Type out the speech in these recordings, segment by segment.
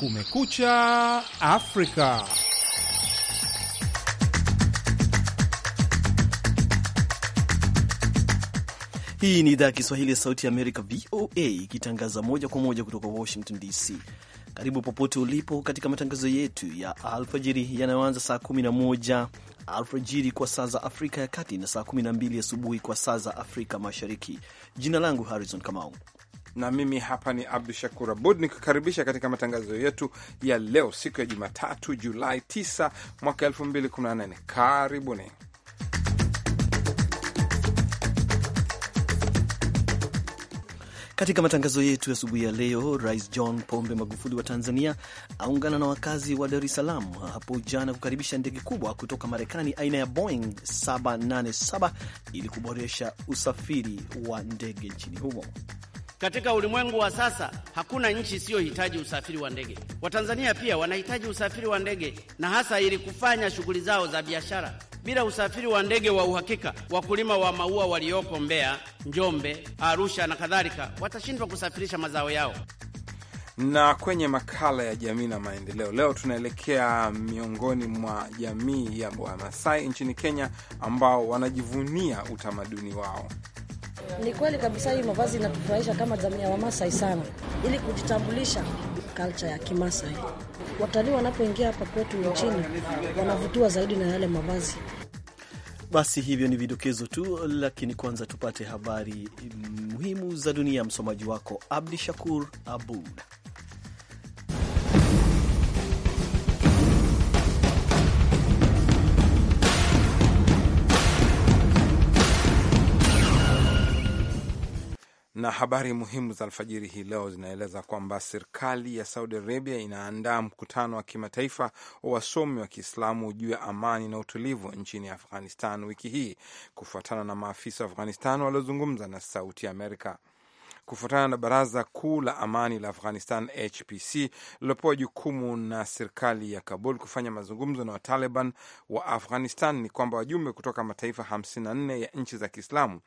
Kumekucha Afrika. Hii ni idhaa ya Kiswahili ya Sauti ya Amerika, VOA, ikitangaza moja kwa moja kutoka Washington DC. Karibu popote ulipo katika matangazo yetu ya alfajiri yanayoanza saa 11 alfajiri kwa saa za Afrika ya Kati na saa 12 asubuhi kwa saa za Afrika Mashariki. Jina langu Harrison Kamau na mimi hapa ni Abdu Shakur Abud nikukaribisha katika matangazo yetu ya leo, siku ya Jumatatu Julai 9 mwaka 2018. Karibuni. Katika matangazo yetu ya asubuhi ya leo, Rais John Pombe Magufuli wa Tanzania aungana na wakazi wa Dar es Salaam hapo jana kukaribisha ndege kubwa kutoka Marekani aina ya Boeing 787 ili kuboresha usafiri wa ndege nchini humo. Katika ulimwengu wa sasa hakuna nchi isiyohitaji usafiri wa ndege. Watanzania pia wanahitaji usafiri wa ndege, na hasa ili kufanya shughuli zao za biashara. Bila usafiri wa ndege wa uhakika, wakulima wa maua walioko Mbeya, Njombe, Arusha na kadhalika watashindwa kusafirisha mazao yao. Na kwenye makala ya jamii na maendeleo leo, tunaelekea miongoni mwa jamii ya Wamasai nchini Kenya ambao wanajivunia utamaduni wao. Ni kweli kabisa, hii mavazi inatufurahisha kama jamii ya Wamasai sana, ili kujitambulisha kalcha ya Kimasai. Watalii wanapoingia hapa kwetu nchini wanavutiwa zaidi na yale mavazi. Basi hivyo ni vidokezo tu, lakini kwanza tupate habari muhimu za dunia. Msomaji wako Abdi Shakur Abud. Na habari muhimu za alfajiri hii leo zinaeleza kwamba serikali ya Saudi Arabia inaandaa mkutano wa kimataifa wa wasomi wa Kiislamu juu ya amani na utulivu nchini Afghanistan wiki hii kufuatana na maafisa wa Afghanistan waliozungumza na Sauti Amerika. Kufuatana na Baraza Kuu la Amani la Afghanistan HPC lilopewa jukumu na serikali ya Kabul kufanya mazungumzo na Wataliban wa Afghanistan, ni kwamba wajumbe kutoka mataifa 54 ya nchi za Kiislamu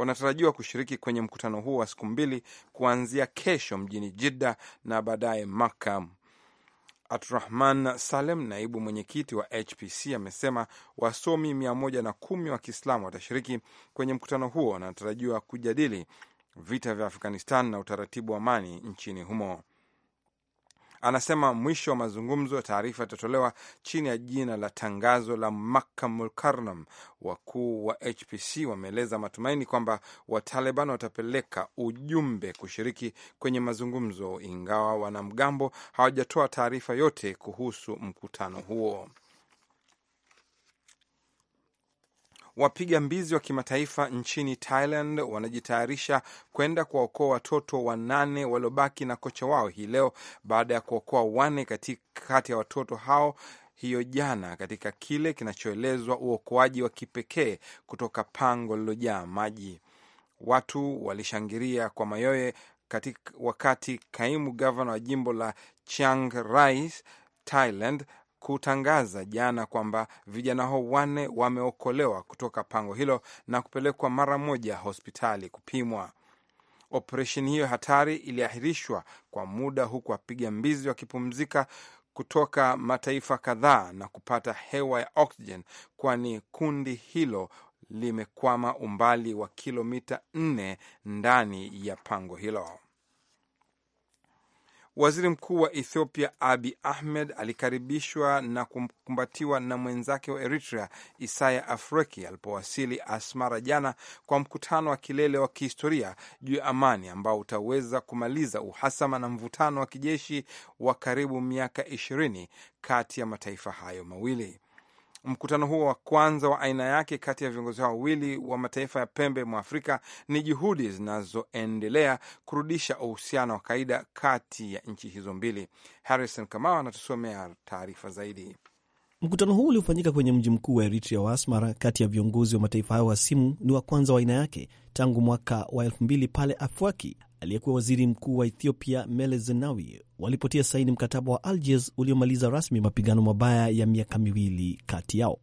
wanatarajiwa kushiriki kwenye mkutano huo wa siku mbili kuanzia kesho mjini Jidda na baadaye Makka. Abdurahman Salem, naibu mwenyekiti wa HPC, amesema wasomi mia moja na kumi wa Kiislamu watashiriki kwenye mkutano huo, wanatarajiwa kujadili vita vya Afghanistan na utaratibu wa amani nchini humo. Anasema mwisho wa mazungumzo taarifa itatolewa chini ya jina la tangazo la makamulkarnam Wakuu wa HPC wameeleza matumaini kwamba Wataliban watapeleka ujumbe kushiriki kwenye mazungumzo, ingawa wanamgambo hawajatoa taarifa yote kuhusu mkutano huo. Wapiga mbizi wa kimataifa nchini Thailand wanajitayarisha kwenda kuwaokoa watoto wanane waliobaki na kocha wao hii leo baada ya kuokoa wane kati ya watoto hao hiyo jana katika kile kinachoelezwa uokoaji wa kipekee kutoka pango lililojaa maji. Watu walishangilia kwa mayowe katika wakati kaimu gavana wa jimbo la Chiang Rai Thailand kutangaza jana kwamba vijana hao wanne wameokolewa kutoka pango hilo na kupelekwa mara moja hospitali kupimwa. Operesheni hiyo hatari iliahirishwa kwa muda, huku wapiga mbizi wakipumzika kutoka mataifa kadhaa na kupata hewa ya oksijeni, kwani kundi hilo limekwama umbali wa kilomita nne ndani ya pango hilo. Waziri Mkuu wa Ethiopia Abi Ahmed alikaribishwa na kukumbatiwa na mwenzake wa Eritrea Isaya Afwerki alipowasili Asmara jana kwa mkutano wa kilele wa kihistoria juu ya amani ambao utaweza kumaliza uhasama na mvutano wa kijeshi wa karibu miaka ishirini kati ya mataifa hayo mawili. Mkutano huo wa kwanza wa aina yake kati ya viongozi hao wawili wa mataifa ya pembe mwa Afrika ni juhudi zinazoendelea kurudisha uhusiano wa kawaida kati ya nchi hizo mbili. Harrison Kamau anatusomea taarifa zaidi. Mkutano huu uliofanyika kwenye mji mkuu wa Eritrea wa Asmara kati ya viongozi wa mataifa hayo hasimu ni wa kwanza wa aina yake tangu mwaka wa elfu mbili pale Afwaki aliyekuwa waziri mkuu wa Ethiopia Mele Zenawi walipotia saini mkataba wa Algiers uliomaliza rasmi mapigano mabaya ya miaka miwili kati yao.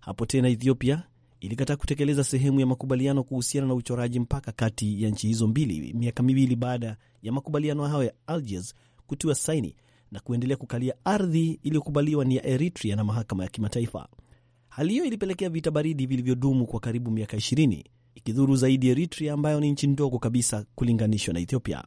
Hapo tena Ethiopia ilikataa kutekeleza sehemu ya makubaliano kuhusiana na uchoraji mpaka kati ya nchi hizo mbili, miaka miwili baada ya makubaliano hayo ya Algiers kutiwa saini na kuendelea kukalia ardhi iliyokubaliwa ni ya Eritrea na mahakama ya kimataifa. Hali hiyo ilipelekea vita baridi vilivyodumu kwa karibu miaka ishirini ikidhuru zaidi Eritrea ambayo ni nchi ndogo kabisa kulinganishwa na Ethiopia.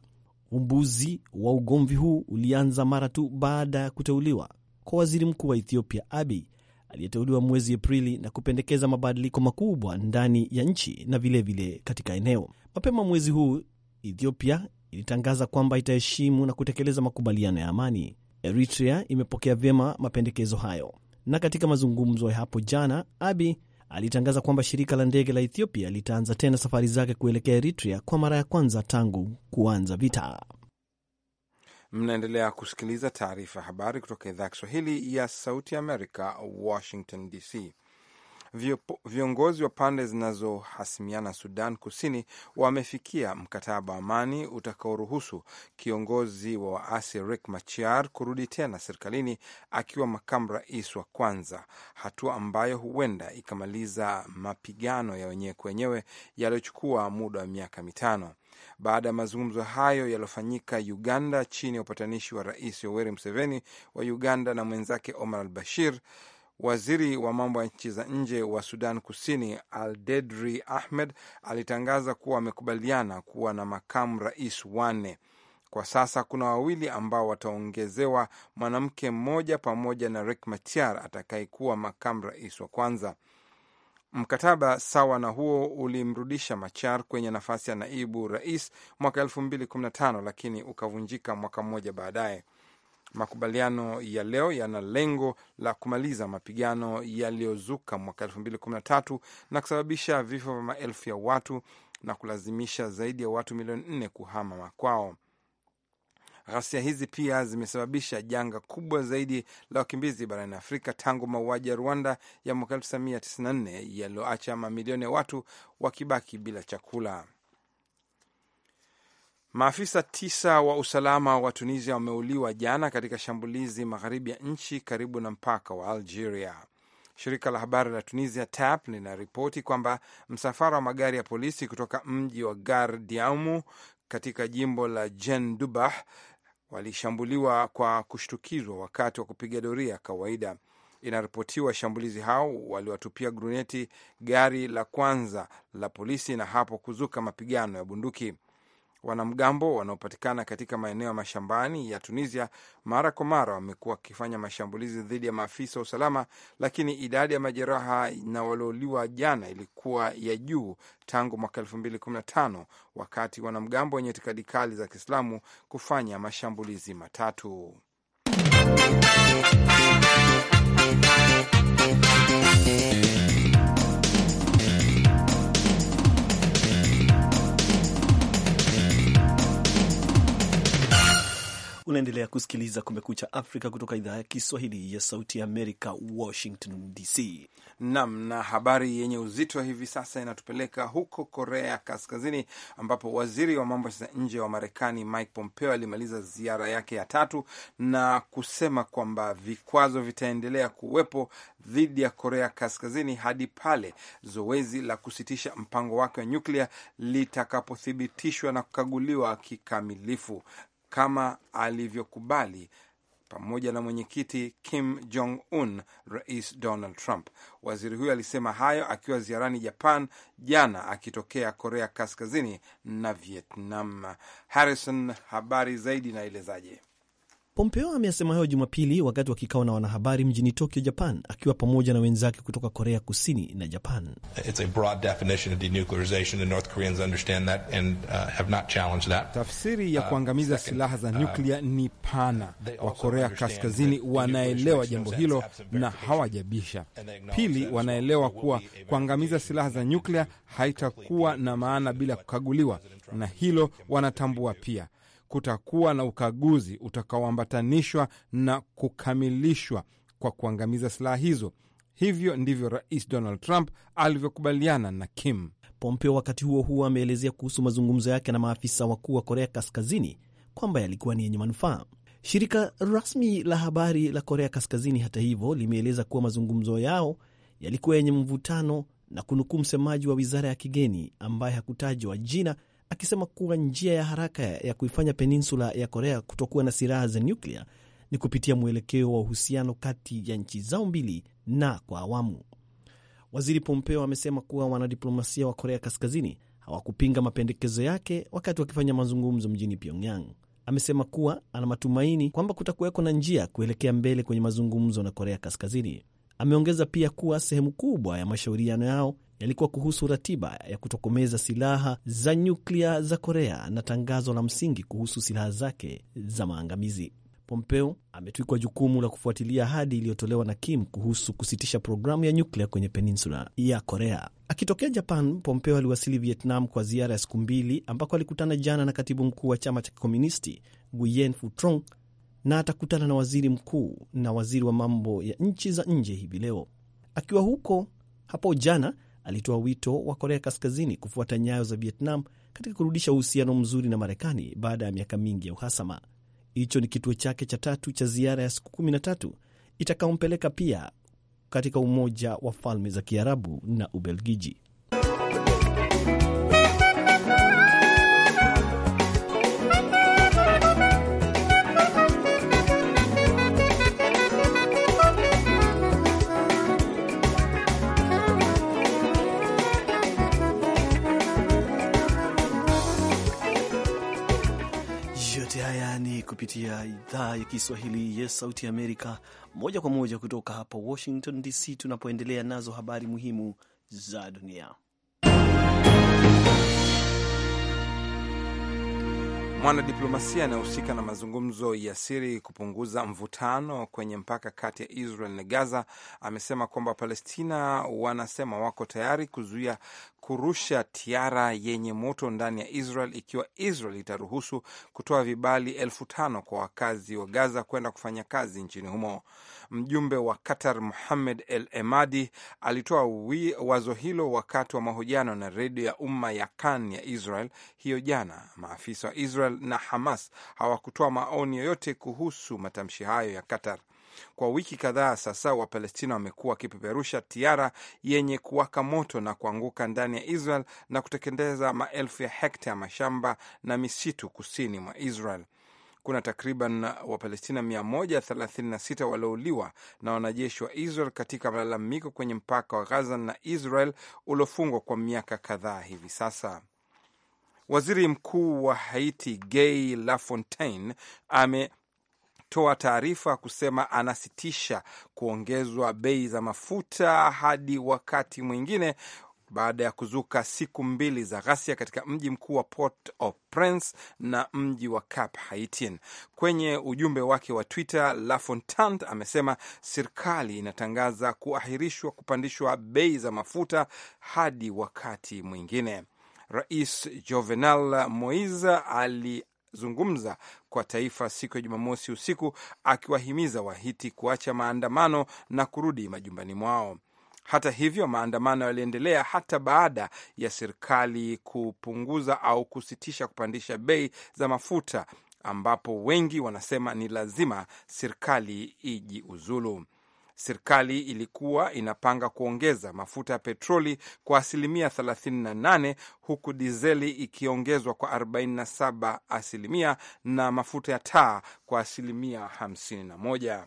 Umbuzi wa ugomvi huu ulianza mara tu baada ya kuteuliwa kwa waziri mkuu wa Ethiopia Abiy aliyeteuliwa mwezi Aprili na kupendekeza mabadiliko makubwa ndani ya nchi na vilevile vile katika eneo. Mapema mwezi huu Ethiopia ilitangaza kwamba itaheshimu na kutekeleza makubaliano ya amani. Eritrea imepokea vyema mapendekezo hayo, na katika mazungumzo ya hapo jana Abi alitangaza kwamba shirika la ndege la Ethiopia litaanza tena safari zake kuelekea Eritrea kwa mara ya kwanza tangu kuanza vita. Mnaendelea kusikiliza taarifa ya habari kutoka idhaa ya Kiswahili ya Sauti ya Amerika, Washington DC. Viongozi wa pande zinazohasimiana Sudan Kusini wamefikia mkataba wa amani utakaoruhusu kiongozi wa waasi Riek Machar kurudi tena serikalini akiwa makamu rais wa kwanza, hatua ambayo huenda ikamaliza mapigano ya wenyewe kwa wenyewe yaliyochukua muda wa miaka mitano. Baada ya mazungumzo hayo yaliyofanyika Uganda chini ya upatanishi wa Rais Yoweri Museveni wa Uganda na mwenzake Omar al Bashir, Waziri wa mambo ya nchi za nje wa Sudan Kusini Aldedri Ahmed alitangaza kuwa wamekubaliana kuwa na makamu rais wanne. Kwa sasa kuna wawili ambao wataongezewa mwanamke mmoja pamoja na rek matiar atakayekuwa makamu rais wa kwanza. Mkataba sawa na huo ulimrudisha Machar kwenye nafasi ya naibu rais mwaka 215 lakini ukavunjika mwaka mmoja baadaye. Makubaliano ya leo yana lengo la kumaliza mapigano yaliyozuka mwaka elfu mbili kumi na tatu na kusababisha vifo vya maelfu ya watu na kulazimisha zaidi ya watu milioni nne kuhama makwao. Ghasia hizi pia zimesababisha janga kubwa zaidi la wakimbizi barani Afrika tangu mauaji ya Rwanda ya mwaka 1994 yaliyoacha mamilioni ya watu wakibaki bila chakula. Maafisa tisa wa usalama wa Tunisia wameuliwa jana katika shambulizi magharibi ya nchi karibu na mpaka wa Algeria. Shirika la habari la Tunisia TAP linaripoti kwamba msafara wa magari ya polisi kutoka mji wa Gar Diamu katika jimbo la Jen Dubah walishambuliwa kwa kushtukizwa wakati wa kupiga doria kawaida. Inaripotiwa shambulizi hao waliwatupia gruneti gari la kwanza la polisi na hapo kuzuka mapigano ya bunduki. Wanamgambo wanaopatikana katika maeneo ya mashambani ya Tunisia mara kwa mara wamekuwa wakifanya mashambulizi dhidi ya maafisa wa usalama, lakini idadi ya majeraha na waliouliwa jana ilikuwa ya juu tangu mwaka 215 wakati wanamgambo wenye itikadi kali za Kiislamu kufanya mashambulizi matatu. Unaendelea kusikiliza Kumekucha Afrika kutoka idhaa ya Kiswahili ya Sauti ya Amerika, Washington DC. Nam na habari yenye uzito hivi sasa inatupeleka huko Korea Kaskazini, ambapo waziri wa mambo ya nje wa Marekani Mike Pompeo alimaliza ziara yake ya tatu na kusema kwamba vikwazo vitaendelea kuwepo dhidi ya Korea Kaskazini hadi pale zoezi la kusitisha mpango wake wa nyuklia litakapothibitishwa na kukaguliwa kikamilifu kama alivyokubali pamoja na mwenyekiti Kim Jong Un Rais Donald Trump. Waziri huyo alisema hayo akiwa ziarani Japan jana, akitokea Korea Kaskazini na Vietnam. Harrison, habari zaidi naelezaje? Pompeo ameasema hayo Jumapili wakati wa kikao na wanahabari mjini Tokyo, Japan, akiwa pamoja na wenzake kutoka Korea Kusini na Japan. Tafsiri ya uh, kuangamiza silaha za uh, nyuklia ni pana. Wa Korea Kaskazini wanaelewa jambo hilo na hawajabisha. Pili, wanaelewa kuwa kuangamiza silaha za nyuklia haitakuwa na maana bila kukaguliwa, na hilo wanatambua pia kutakuwa na ukaguzi utakaoambatanishwa na kukamilishwa kwa kuangamiza silaha hizo. Hivyo ndivyo Rais Donald Trump alivyokubaliana na Kim Pompeo. Wakati huo huo, ameelezea kuhusu mazungumzo yake na maafisa wakuu wa Korea Kaskazini kwamba yalikuwa ni yenye manufaa. Shirika rasmi la habari la Korea Kaskazini, hata hivyo, limeeleza kuwa mazungumzo yao yalikuwa yenye mvutano na kunukuu msemaji wa wizara ya kigeni ambaye hakutajwa jina akisema kuwa njia ya haraka ya kuifanya peninsula ya Korea kutokuwa na silaha za nyuklia ni kupitia mwelekeo wa uhusiano kati ya nchi zao mbili na kwa awamu. Waziri Pompeo amesema kuwa wanadiplomasia wa Korea Kaskazini hawakupinga mapendekezo yake wakati wakifanya mazungumzo mjini Pyongyang. Amesema kuwa ana matumaini kwamba kutakuweko na njia kuelekea mbele kwenye mazungumzo na Korea Kaskazini. Ameongeza pia kuwa sehemu kubwa ya mashauriano yao yalikuwa kuhusu ratiba ya kutokomeza silaha za nyuklia za Korea na tangazo la msingi kuhusu silaha zake za maangamizi. Pompeo ametwikwa jukumu la kufuatilia ahadi iliyotolewa na Kim kuhusu kusitisha programu ya nyuklia kwenye peninsula ya Korea. Akitokea Japan, Pompeo aliwasili Vietnam kwa ziara ya siku mbili, ambako alikutana jana na katibu mkuu wa chama cha kikomunisti Nguyen Phu Trong na atakutana na waziri mkuu na waziri wa mambo ya nchi za nje hivi leo. Akiwa huko hapo jana alitoa wito wa Korea Kaskazini kufuata nyayo za Vietnam katika kurudisha uhusiano mzuri na Marekani baada ya miaka mingi ya uhasama. Hicho ni kituo chake cha tatu cha ziara ya siku 13 itakaompeleka pia katika Umoja wa Falme za Kiarabu na Ubelgiji. kupitia idhaa ya Kiswahili ya Sauti ya Amerika moja kwa moja kutoka hapa Washington DC, tunapoendelea nazo habari muhimu za dunia. Mwanadiplomasia anayehusika na mazungumzo ya siri kupunguza mvutano kwenye mpaka kati ya Israel na Gaza amesema kwamba Palestina wanasema wako tayari kuzuia kurusha tiara yenye moto ndani ya Israel ikiwa Israel itaruhusu kutoa vibali elfu tano kwa wakazi wa Gaza kwenda kufanya kazi nchini humo. Mjumbe wa Qatar Muhamed El Emadi alitoa wazo hilo wakati wa mahojiano na redio ya umma ya Kan ya Israel hiyo jana. Maafisa wa Israel na Hamas hawakutoa maoni yoyote kuhusu matamshi hayo ya Qatar. Kwa wiki kadhaa sasa, Wapalestina wamekuwa wakipeperusha tiara yenye kuwaka moto na kuanguka ndani ya Israel na kutekeleza maelfu ya hekta ya mashamba na misitu kusini mwa Israel. Kuna takriban Wapalestina 136 waliouliwa na wanajeshi wa Israel katika malalamiko kwenye mpaka wa Gaza na Israel uliofungwa kwa miaka kadhaa hivi sasa. Waziri Mkuu wa Haiti Gay Lafontaine ame ametoa taarifa kusema anasitisha kuongezwa bei za mafuta hadi wakati mwingine baada ya kuzuka siku mbili za ghasia katika mji mkuu wa Port-au-Prince na mji wa Cap haitin Kwenye ujumbe wake wa Twitter, Lafontant amesema serikali inatangaza kuahirishwa kupandishwa bei za mafuta hadi wakati mwingine. Rais Jovenal Moise ali zungumza kwa taifa siku ya Jumamosi usiku akiwahimiza Wahiti kuacha maandamano na kurudi majumbani mwao. Hata hivyo, maandamano yaliendelea hata baada ya serikali kupunguza au kusitisha kupandisha bei za mafuta ambapo wengi wanasema ni lazima serikali ijiuzulu. Serikali ilikuwa inapanga kuongeza mafuta ya petroli kwa asilimia 38 huku dizeli ikiongezwa kwa 47 asilimia na mafuta ya taa kwa asilimia 51.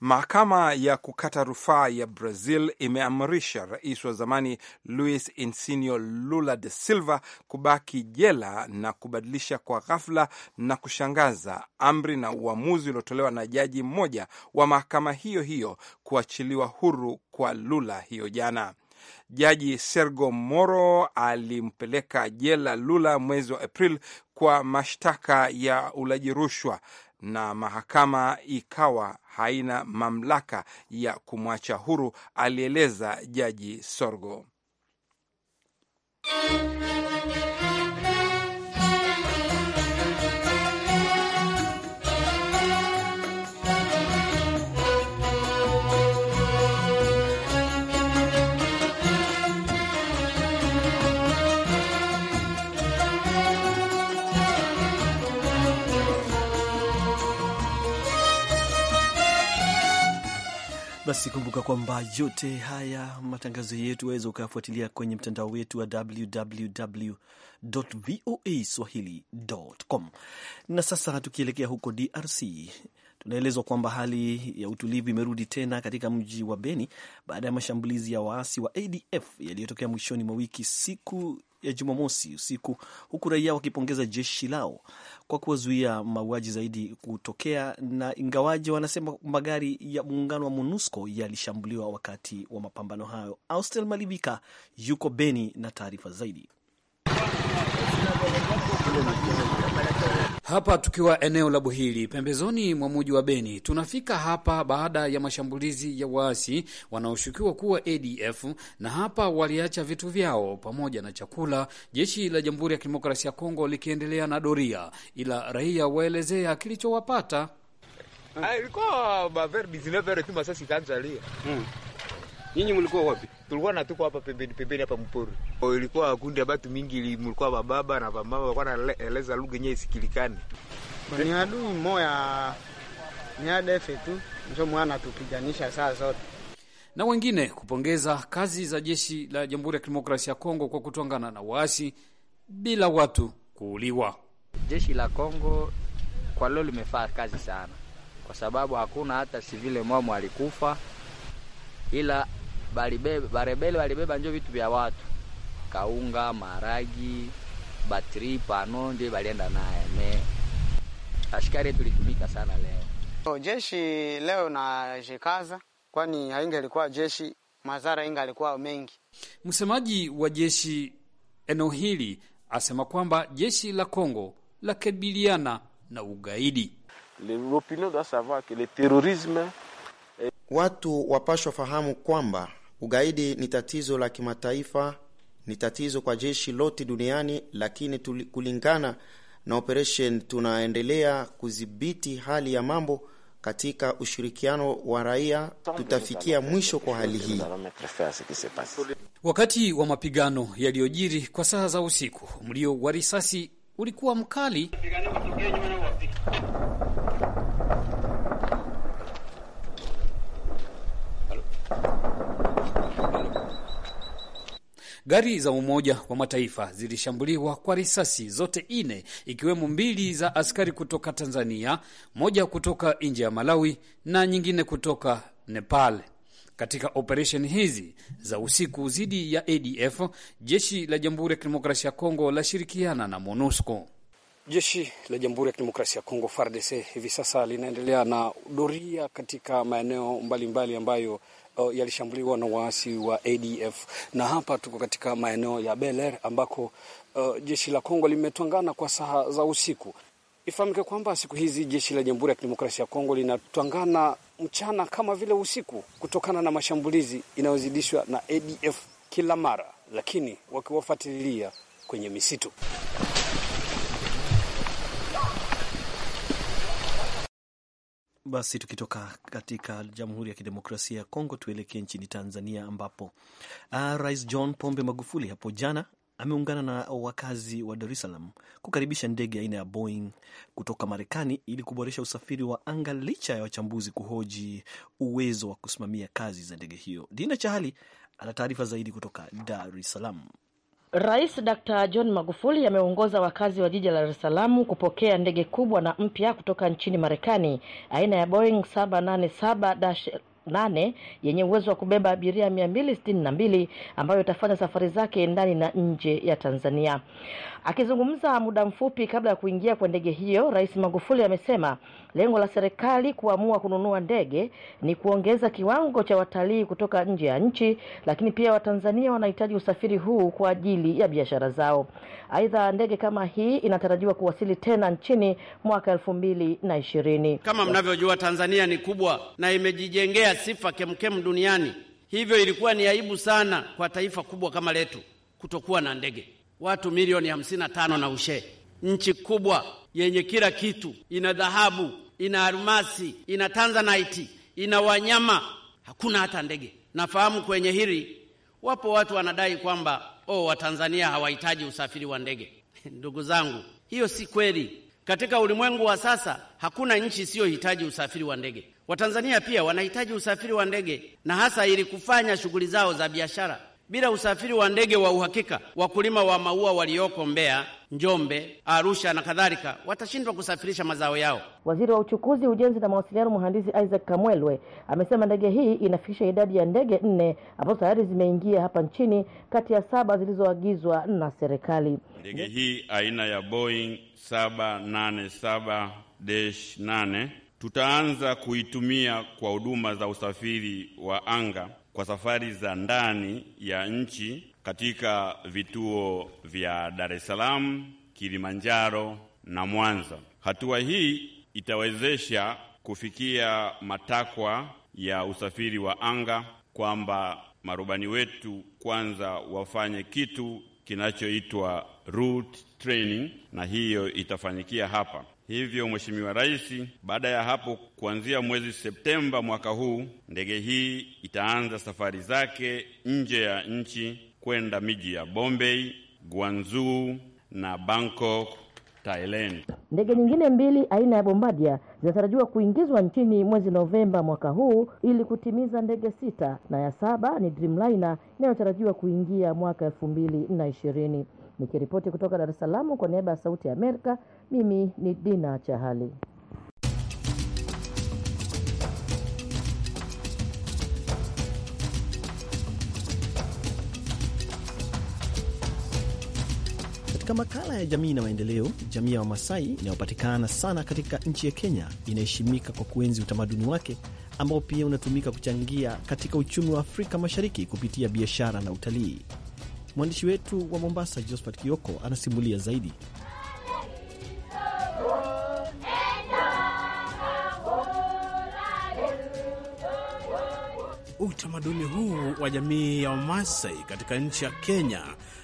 Mahakama ya kukata rufaa ya Brazil imeamrisha rais wa zamani Luis Insinio Lula de Silva kubaki jela na kubadilisha kwa ghafla na kushangaza amri na uamuzi uliotolewa na jaji mmoja wa mahakama hiyo hiyo kuachiliwa huru kwa Lula hiyo jana. Jaji sergo Moro alimpeleka jela Lula mwezi wa april kwa mashtaka ya ulaji rushwa na mahakama ikawa haina mamlaka ya kumwacha huru, alieleza Jaji Sorgo. Basi kumbuka kwamba yote haya matangazo yetu waweza ukayafuatilia kwenye mtandao wetu wa www voa swahili.com. Na sasa tukielekea huko DRC, tunaelezwa kwamba hali ya utulivu imerudi tena katika mji wa Beni baada ya mashambulizi ya waasi wa ADF yaliyotokea mwishoni mwa wiki, siku ya Jumamosi usiku, huku raia wakipongeza jeshi lao kwa kuwazuia mauaji zaidi kutokea, na ingawaje wanasema magari ya muungano wa MONUSCO yalishambuliwa wakati wa mapambano hayo. Austel Malivika yuko Beni na taarifa zaidi. Hapa tukiwa eneo la Buhili pembezoni mwa muji wa Beni. Tunafika hapa baada ya mashambulizi ya waasi wanaoshukiwa kuwa ADF, na hapa waliacha vitu vyao pamoja na chakula, jeshi la Jamhuri ya Kidemokrasia ya Kongo likiendelea na doria, ila raia waelezea kilichowapata. Ah, ilikuwa Nyinyi mlikuwa wapi? Tulikuwa na tuko hapa pembeni pembeni hapa mpori. Ilikuwa kundi batu mingi, mlikuwa bababa na mama walikuwa naeleza lugha yenyewe isikilikane. Ni adui moya ni adefe tu, ndio mwana tupiganisha saa zote. Na wengine kupongeza kazi za jeshi la Jamhuri ya Kidemokrasia ya Kongo kwa kutongana na waasi bila watu kuuliwa. Jeshi la Kongo kwa leo limefaa kazi sana, kwa sababu hakuna hata sivile mwamu alikufa ila barebele balibeba njo vitu vya watu kaunga, maragi, batri, pano ndio balienda naye. Me askari tulitumika sana leo. Jeshi leo na jikaza, kwani ainge alikuwa jeshi madhara inga alikuwa mengi. Msemaji wa jeshi eneo hili asema kwamba jeshi la Kongo la kabiliana na ugaidi. le Watu wapashwa fahamu kwamba Ugaidi ni tatizo la kimataifa, ni tatizo kwa jeshi lote duniani, lakini tuli, kulingana na operation tunaendelea kudhibiti hali ya mambo katika ushirikiano wa raia tutafikia mwisho kwa hali hii. Wakati wa mapigano yaliyojiri kwa saa za usiku, mlio wa risasi ulikuwa mkali. Gari za Umoja wa Mataifa zilishambuliwa kwa risasi zote nne, ikiwemo mbili za askari kutoka Tanzania, moja kutoka nje ya Malawi na nyingine kutoka Nepal. Katika operesheni hizi za usiku dhidi ya ADF, jeshi la Jamhuri ya Kidemokrasia ya Kongo lashirikiana na MONUSCO. Jeshi la Jamhuri ya Kidemokrasia ya Kongo, FARDC, hivi sasa linaendelea na doria katika maeneo mbalimbali mbali ambayo Uh, yalishambuliwa na waasi wa ADF, na hapa tuko katika maeneo ya Beler ambako uh, jeshi la Kongo limetwangana kwa saa za usiku. Ifahamike kwamba siku hizi jeshi la Jamhuri ya Kidemokrasia ya Kongo linatwangana mchana kama vile usiku, kutokana na mashambulizi inayozidishwa na ADF kila mara, lakini wakiwafuatilia kwenye misitu. Basi tukitoka katika Jamhuri ya Kidemokrasia ya Kongo tuelekee nchini Tanzania ambapo uh, Rais John Pombe Magufuli hapo jana ameungana na wakazi wa Dar es Salaam kukaribisha ndege aina ya Boeing kutoka Marekani ili kuboresha usafiri wa anga licha ya wachambuzi kuhoji uwezo wa kusimamia kazi za ndege hiyo. Dina Chahali ana taarifa zaidi kutoka Dar es Salaam. Rais Dr. John Magufuli ameongoza wakazi wa jiji la Dar es Salaam kupokea ndege kubwa na mpya kutoka nchini Marekani aina ya Boeing 787 nane yenye uwezo wa kubeba abiria mia mbili ambayo itafanya safari zake ndani na nje ya Tanzania. Akizungumza muda mfupi kabla ya kuingia kwa ndege hiyo, Rais Magufuli amesema lengo la serikali kuamua kununua ndege ni kuongeza kiwango cha watalii kutoka nje ya nchi, lakini pia Watanzania wanahitaji usafiri huu kwa ajili ya biashara zao. Aidha, ndege kama hii inatarajiwa kuwasili tena nchini mwaka elfu mbili na ishirini. Kama mnavyojua, Tanzania ni kubwa na imejijengea sifa kemkem duniani. Hivyo ilikuwa ni aibu sana kwa taifa kubwa kama letu kutokuwa na ndege, watu milioni hamsini na tano na ushe, nchi kubwa yenye kila kitu, ina dhahabu, ina almasi, ina tanzanite, ina wanyama, hakuna hata ndege. Nafahamu kwenye hili wapo watu wanadai kwamba oh, Watanzania hawahitaji usafiri wa ndege. Ndugu zangu, hiyo si kweli. Katika ulimwengu wa sasa hakuna nchi isiyohitaji usafiri wa ndege. Watanzania pia wanahitaji usafiri wa ndege, na hasa ili kufanya shughuli zao za biashara. Bila usafiri wa ndege wa uhakika, wakulima wa maua walioko Mbeya Njombe, Arusha na kadhalika, watashindwa kusafirisha mazao yao. Waziri wa Uchukuzi, Ujenzi na Mawasiliano, Mhandisi Isaac Kamwelwe amesema ndege hii inafikisha idadi ya ndege nne ambazo tayari zimeingia hapa nchini kati ya saba zilizoagizwa na serikali. Ndege hii aina ya Boeing 787-8 tutaanza kuitumia kwa huduma za usafiri wa anga kwa safari za ndani ya nchi katika vituo vya Dar es Salaam, Kilimanjaro na Mwanza. Hatua hii itawezesha kufikia matakwa ya usafiri wa anga kwamba marubani wetu kwanza wafanye kitu kinachoitwa route training, na hiyo itafanyikia hapa. Hivyo Mheshimiwa Rais, baada ya hapo, kuanzia mwezi Septemba mwaka huu, ndege hii itaanza safari zake nje ya nchi kwenda miji ya Bombay, Guangzhou na Bangkok, Thailand. Ndege nyingine mbili aina ya Bombardier zinatarajiwa kuingizwa nchini mwezi Novemba mwaka huu ili kutimiza ndege sita, na ya saba ni Dreamliner inayotarajiwa kuingia mwaka elfu mbili na ishirini. Nikiripoti kutoka Dar es Salaam kwa niaba ya Sauti ya Amerika, mimi ni Dina Chahali. Katika makala ya jamii na maendeleo, jamii ya Wamasai inayopatikana sana katika nchi ya Kenya inaheshimika kwa kuenzi utamaduni wake ambao pia unatumika kuchangia katika uchumi wa Afrika Mashariki kupitia biashara na utalii. Mwandishi wetu wa Mombasa, Josphat Kioko, anasimulia zaidi. Utamaduni huu wa jamii ya Wamasai katika nchi ya Kenya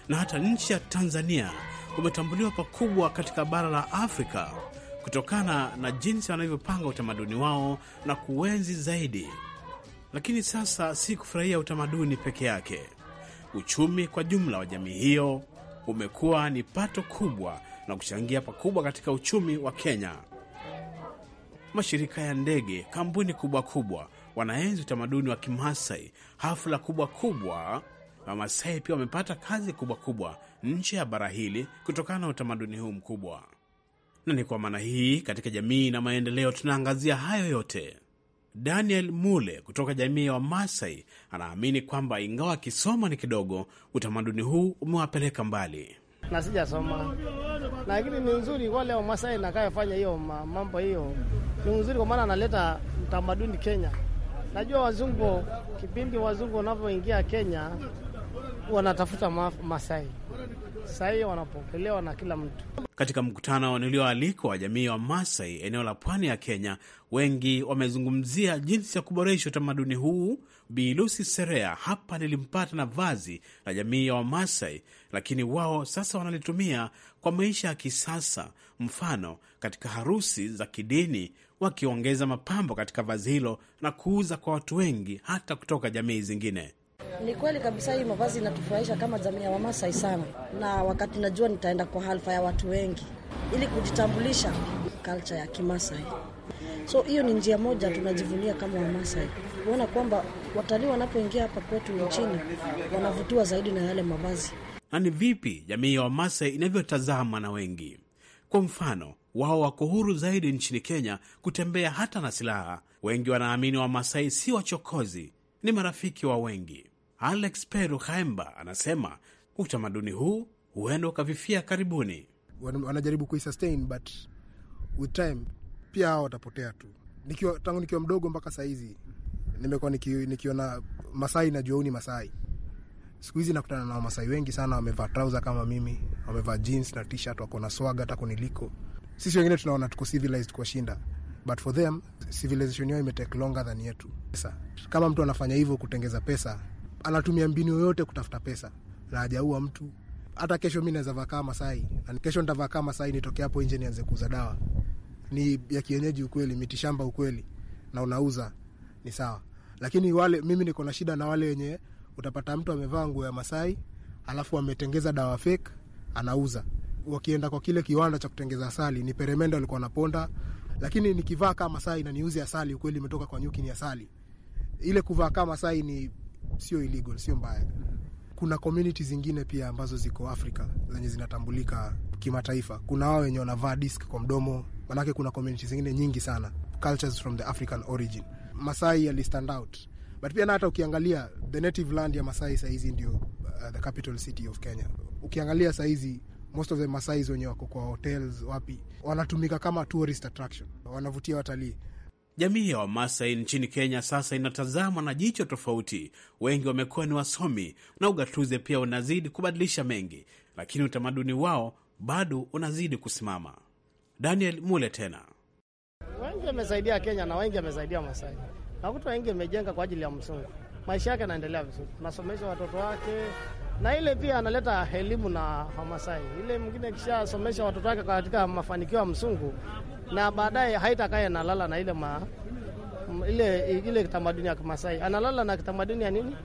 na hata nchi ya Tanzania kumetambuliwa pakubwa katika bara la Afrika kutokana na jinsi wanavyopanga utamaduni wao na kuenzi zaidi. Lakini sasa si kufurahia utamaduni peke yake, uchumi kwa jumla wa jamii hiyo umekuwa ni pato kubwa na kuchangia pakubwa katika uchumi wa Kenya. Mashirika ya ndege, kampuni kubwa kubwa wanaenzi utamaduni wa Kimasai. Hafla kubwa kubwa Wamasai pia wamepata kazi kubwa kubwa nje ya bara hili kutokana na utamaduni huu mkubwa, na ni kwa maana hii katika jamii na maendeleo tunaangazia hayo yote. Daniel Mule kutoka jamii ya wa Wamasai anaamini kwamba ingawa akisoma ni kidogo, utamaduni huu umewapeleka mbali. na sijasoma, lakini ni nzuri wale Wamasai nakayefanya hiyo mambo, hiyo ni nzuri kwa maana analeta utamaduni Kenya. Najua wazungu, kipindi wazungu wanavyoingia Kenya wanatafuta Masai sahii wanapokelewa na kila mtu. Katika mkutano nilioalikwa wa jamii wa Masai eneo la pwani ya Kenya, wengi wamezungumzia jinsi ya kuboresha utamaduni huu. bilusi Serea hapa nilimpata na vazi la jamii ya Wamasai, lakini wao sasa wanalitumia kwa maisha ya kisasa, mfano katika harusi za kidini, wakiongeza mapambo katika vazi hilo na kuuza kwa watu wengi, hata kutoka jamii zingine. Ni kweli kabisa, hii mavazi inatufurahisha kama jamii ya Wamasai sana, na wakati najua nitaenda kwa halfa ya watu wengi ili kujitambulisha kalcha ya Kimasai. So hiyo ni njia moja tunajivunia kama Wamasai kuona kwamba watalii wanapoingia hapa kwetu nchini wanavutiwa zaidi na yale mavazi. Na ni vipi jamii ya Wamasai inavyotazama na wengi? Kwa mfano, wao wako huru zaidi nchini Kenya kutembea hata na silaha. Wengi wanaamini Wamasai si wachokozi, ni marafiki wa wengi. Alex Peru Haemba anasema utamaduni huu huenda ukavifia karibuni. Wanajaribu kuisustain but with time pia hawa watapotea tu. Nikiwa, tangu nikiwa mdogo mpaka sahizi nimekuwa nikiona Masai najua ni Masai. Siku hizi nakutana na Wamasai wengi sana, wamevaa trauza kama mimi, wamevaa jeans na t-shirt, wako na swaga hata kuniliko. Sisi wengine tunaona tuko civilized kuwashinda but for them civilization yao imetake longer than yetu. Pesa kama mtu anafanya hivyo kutengeza pesa, anatumia mbinu yoyote kutafuta pesa na hajaua mtu. Hata kesho mi naweza vakaa Masai na kesho ntavakaa Masai, nitoke hapo nje nianze kuuza dawa ni ya kienyeji ukweli, miti shamba ukweli, na unauza ni sawa, lakini wale, mimi niko na shida na wale wenye utapata mtu amevaa nguo ya Masai alafu ametengeza dawa fake anauza. Wakienda kwa kile kiwanda cha kutengeza asali, ni peremende walikuwa wanaponda lakini nikivaa kama Masai na niuze asali, ukweli imetoka kwa nyuki, ni asali ile. Kuvaa kama Masai ni sio illegal, sio mbaya. Kuna community zingine pia ambazo ziko Afrika zenye zinatambulika kimataifa. Kuna wao wenye wanavaa disk kwa mdomo, manake kuna community zingine nyingi sana, cultures from the African origin. Masai yali stand out but pia na hata ukiangalia the native land ya Masai sahizi ndio uh, the capital city of Kenya. Ukiangalia sahizi most of the Masais wenye wako kwa hotels wapi, wanatumika kama tourist attraction, wanavutia watalii. Jamii ya Wamasai nchini Kenya sasa inatazamwa na jicho tofauti. Wengi wamekuwa ni wasomi na ugatuzi pia unazidi kubadilisha mengi, lakini utamaduni wao bado unazidi kusimama. Daniel Mule tena, wengi wamesaidia Kenya na wengi wamesaidia Masai, nakuta wengi wamejenga kwa ajili ya msungu. Maisha yake anaendelea vizuri, nasomesha watoto wake na ile pia analeta elimu na Hamasai. Ile mwingine kishasomesha watoto wake katika mafanikio ya msungu, na baadaye haitakaye analala na ile ma, ile, ile tamaduni ya Kimasai, analala na kitamaduni ya nini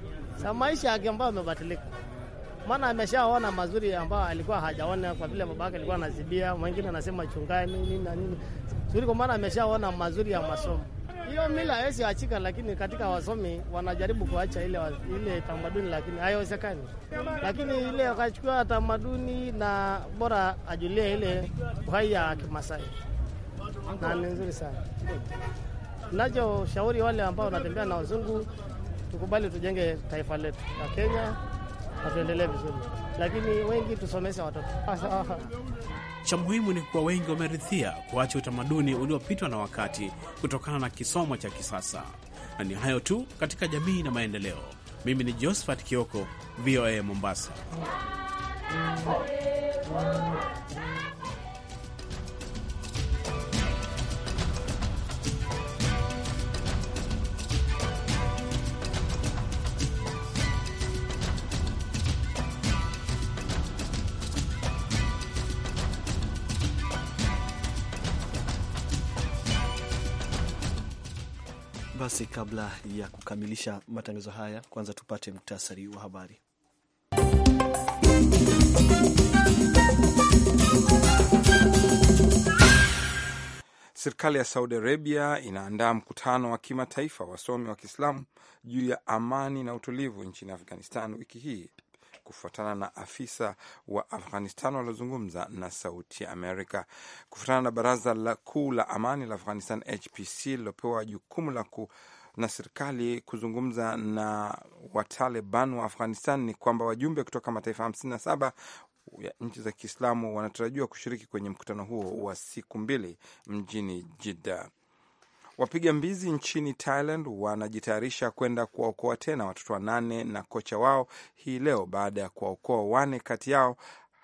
sa maisha yake ambayo amebatilika maana ameshaona mazuri ambayo alikuwa hajaona kwa vile baba yake alikuwa anazibia. Mwingine anasema chungani nini na nini, suri kwa maana ameshaona mazuri ya masomo. Hiyo mila haiwezi achika, lakini katika wasomi wanajaribu kuacha ile, ile tamaduni, lakini haiwezekani. Lakini ile akachukua tamaduni na bora ajulie ile uhai ya Kimasai na ni nzuri sana. shauri wale ambao wanatembea na wazungu, tukubali tujenge taifa letu la Kenya na tuendelee vizuri, lakini wengi tusomeshe watoto Cha muhimu ni kuwa wengi wameridhia kuacha utamaduni uliopitwa na wakati kutokana na kisomo cha kisasa. Na ni hayo tu katika jamii na maendeleo. Mimi ni Josephat Kioko, VOA Mombasa. Basi kabla ya kukamilisha matangazo haya, kwanza tupate mktasari wa habari. Serikali ya Saudi Arabia inaandaa mkutano wa kimataifa wasomi wa Kiislamu juu ya amani na utulivu nchini Afghanistan wiki hii kufuatana na afisa wa Afghanistan waliozungumza na Sauti ya Amerika. Kufuatana na Baraza la Kuu la Amani la Afghanistan HPC lilopewa jukumu la ku na serikali kuzungumza na Wataliban wa Afghanistan ni kwamba wajumbe kutoka mataifa 57 ya nchi za Kiislamu wanatarajiwa kushiriki kwenye mkutano huo wa siku mbili mjini Jidda. Wapiga mbizi nchini Thailand wanajitayarisha kwenda kuwaokoa tena watoto wanane na kocha wao hii leo baada ya kuwaokoa wane kati yao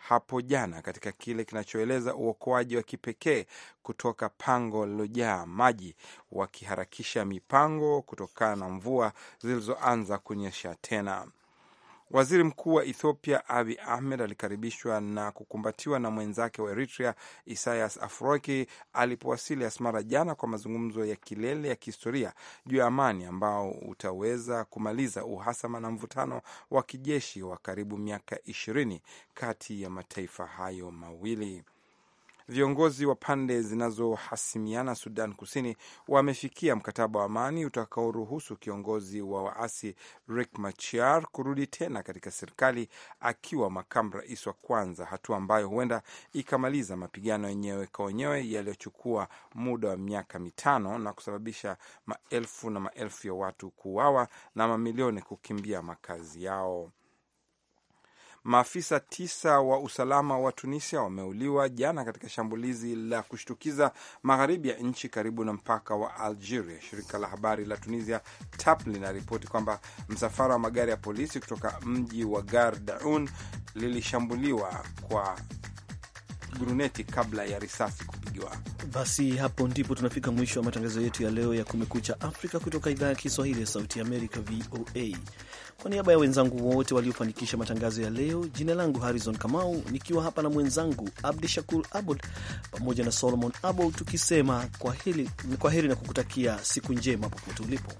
hapo jana katika kile kinachoeleza uokoaji wa kipekee kutoka pango lilojaa maji, wakiharakisha mipango kutokana na mvua zilizoanza kunyesha tena. Waziri mkuu wa Ethiopia Abi Ahmed alikaribishwa na kukumbatiwa na mwenzake wa Eritrea Isaias Afwerki alipowasili Asmara jana kwa mazungumzo ya kilele ya kihistoria juu ya amani ambao utaweza kumaliza uhasama na mvutano wa kijeshi wa karibu miaka ishirini kati ya mataifa hayo mawili. Viongozi wa pande zinazohasimiana Sudan Kusini wamefikia mkataba wa amani utakaoruhusu kiongozi wa waasi Riek Machar kurudi tena katika serikali akiwa makamu rais wa kwanza, hatua ambayo huenda ikamaliza mapigano yenyewe kwa wenyewe yaliyochukua muda wa miaka mitano na kusababisha maelfu na maelfu ya watu kuuawa na mamilioni kukimbia makazi yao. Maafisa tisa wa usalama wa Tunisia wameuliwa jana katika shambulizi la kushtukiza magharibi ya nchi karibu na mpaka wa Algeria. Shirika la habari la Tunisia TAP linaripoti kwamba msafara wa magari ya polisi kutoka mji wa Gar Daun lilishambuliwa kwa guruneti kabla ya risasi kupigiwa. Basi hapo ndipo tunafika mwisho wa matangazo yetu ya leo ya Kumekucha Afrika kutoka idhaa ya Kiswahili ya Sauti Amerika, VOA. Kwa niaba ya wenzangu wote waliofanikisha matangazo ya leo, jina langu Harrison Kamau, nikiwa hapa na mwenzangu Abdi Shakur Abud pamoja na Solomon Abo, tukisema kwa heri na kukutakia siku njema popote ulipo.